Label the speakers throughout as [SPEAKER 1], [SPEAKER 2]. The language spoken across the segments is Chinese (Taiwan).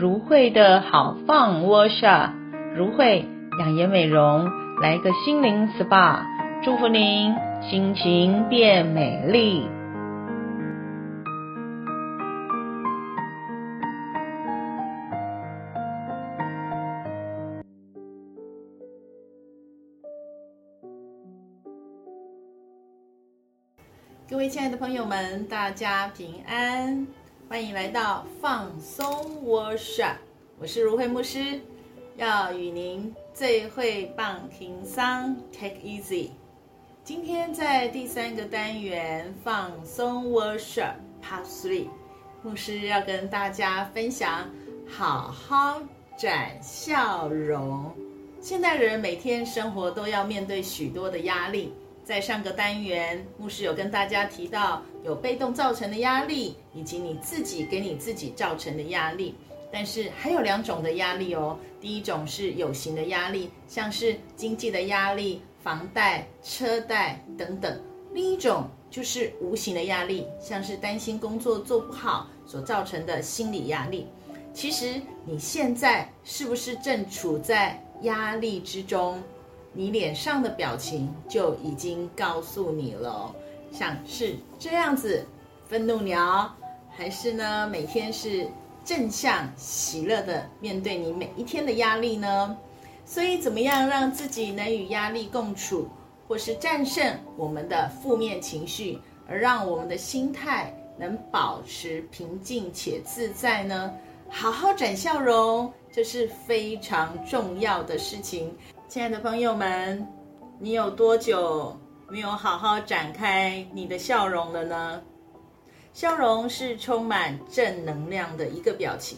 [SPEAKER 1] 蘆薈的好 Fun workshop，蘆薈養顏美容，來個心靈 SPA，祝福您心情變美麗。各位親愛的朋友們，大家平安。歡迎來到放鬆 workshop，我是如慧牧師，要與您最會棒 King 桑 take easy。今天在第三個單元放鬆 workshop part three，牧師要跟大家分享好好展笑容。現代人每天生活都要面對許多的壓力。在上個單元，牧師有跟大家提到有被動造成的壓力，以及你自己給你自己造成的壓力。但是還有兩種的壓力哦，第一種是有形的壓力，像是經濟的壓力、房貸、車貸等等；另一種就是無形的壓力，像是擔心工作做不好所造成的心理壓力。其實你現在是不是正處在壓力之中？你臉上的表情就已經告訴你了哦，像是這樣子，憤怒鳥哦，還是呢？每天是正向、喜樂的面對你每一天的壓力呢？所以，怎麼樣讓自己能與壓力共處，或是戰勝我們的負面情緒，而讓我們的心態能保持平靜且自在呢？好好展笑容，這是非常重要的事情。親愛的朋友們，你有多久沒有好好展開你的笑容了呢？笑容是充滿正能量的一個表情，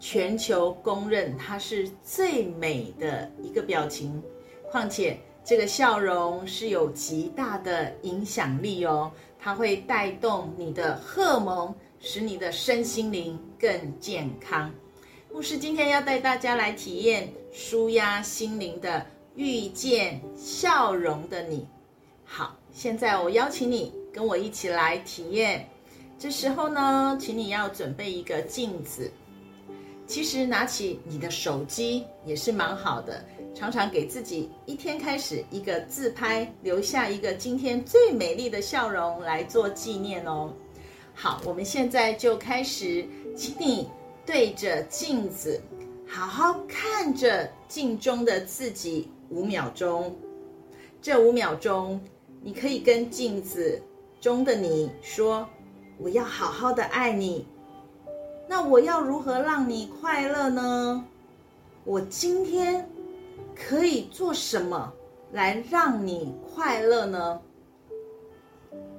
[SPEAKER 1] 全球公認它是最美的一個表情。況且，這個笑容是有極大的影響力哦，它會帶動你的荷爾蒙，使你的身心靈更健康。牧師今天要帶大家來體驗舒壓心靈的遇見笑容的你，好，現在我邀請你跟我一起來體驗。這時候呢，請你要準備一個鏡子，其實拿起你的手機也是蠻好的，常常給自己一天開始一個自拍，留下一個今天最美麗的笑容來做紀念哦。好，我們現在就開始，請你。對着鏡子，好好看着鏡中的自己五秒鐘。這五秒鐘，你可以跟鏡子中的你說：“我要好好的愛你。”那我要如何讓你快樂呢？我今天可以做什麼來讓你快樂呢？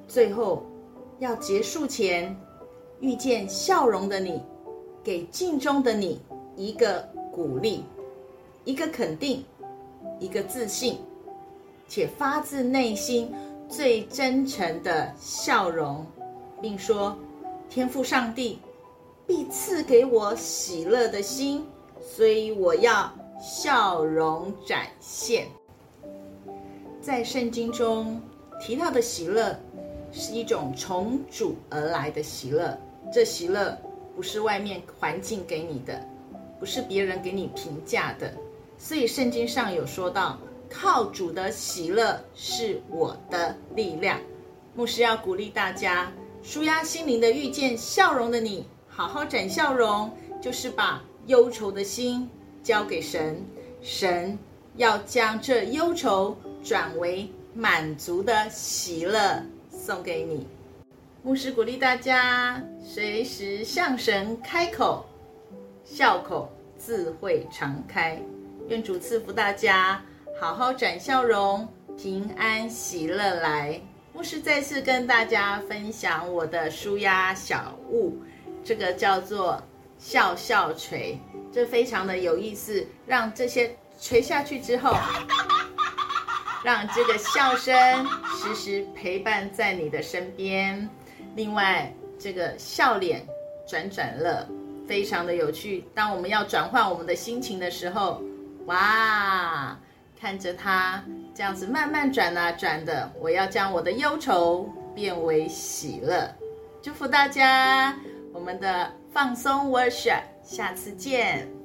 [SPEAKER 1] 最後，要結束前，遇見笑容的你。給鏡中的你一個鼓勵，一個肯定，一個自信，且發自內心、最真誠的笑容，並說：“天父上帝必賜給我喜樂的心，所以我要笑容展現。”在聖經中提到的喜樂，是一種從主而來的喜樂，這喜樂，不是外面環境給你的，不是別人給你評價的，所以聖經上有說到，靠主的喜樂是我的力量。牧師要鼓勵大家，舒壓心靈的遇見笑容的你，好好展笑容，就是把憂愁的心交給神，神要將這憂愁轉為滿足的喜樂送給你。牧師鼓勵大家隨時向神開口，笑口自會常開。願主賜福大家，好好展笑容，平安喜樂來。牧師再次跟大家分享我的舒壓小物，這個叫做笑笑錘，這非常的有意思，讓這些錘下去之後，讓這個笑聲時時陪伴在你的身邊。另外，這個笑臉轉轉樂，非常的有趣。當我們要轉換我們的心情的時候，哇，看着它這樣子慢慢轉啊轉的，我要將我的憂愁變為喜樂。祝福大家，我們的放鬆 workshop，er，下次見。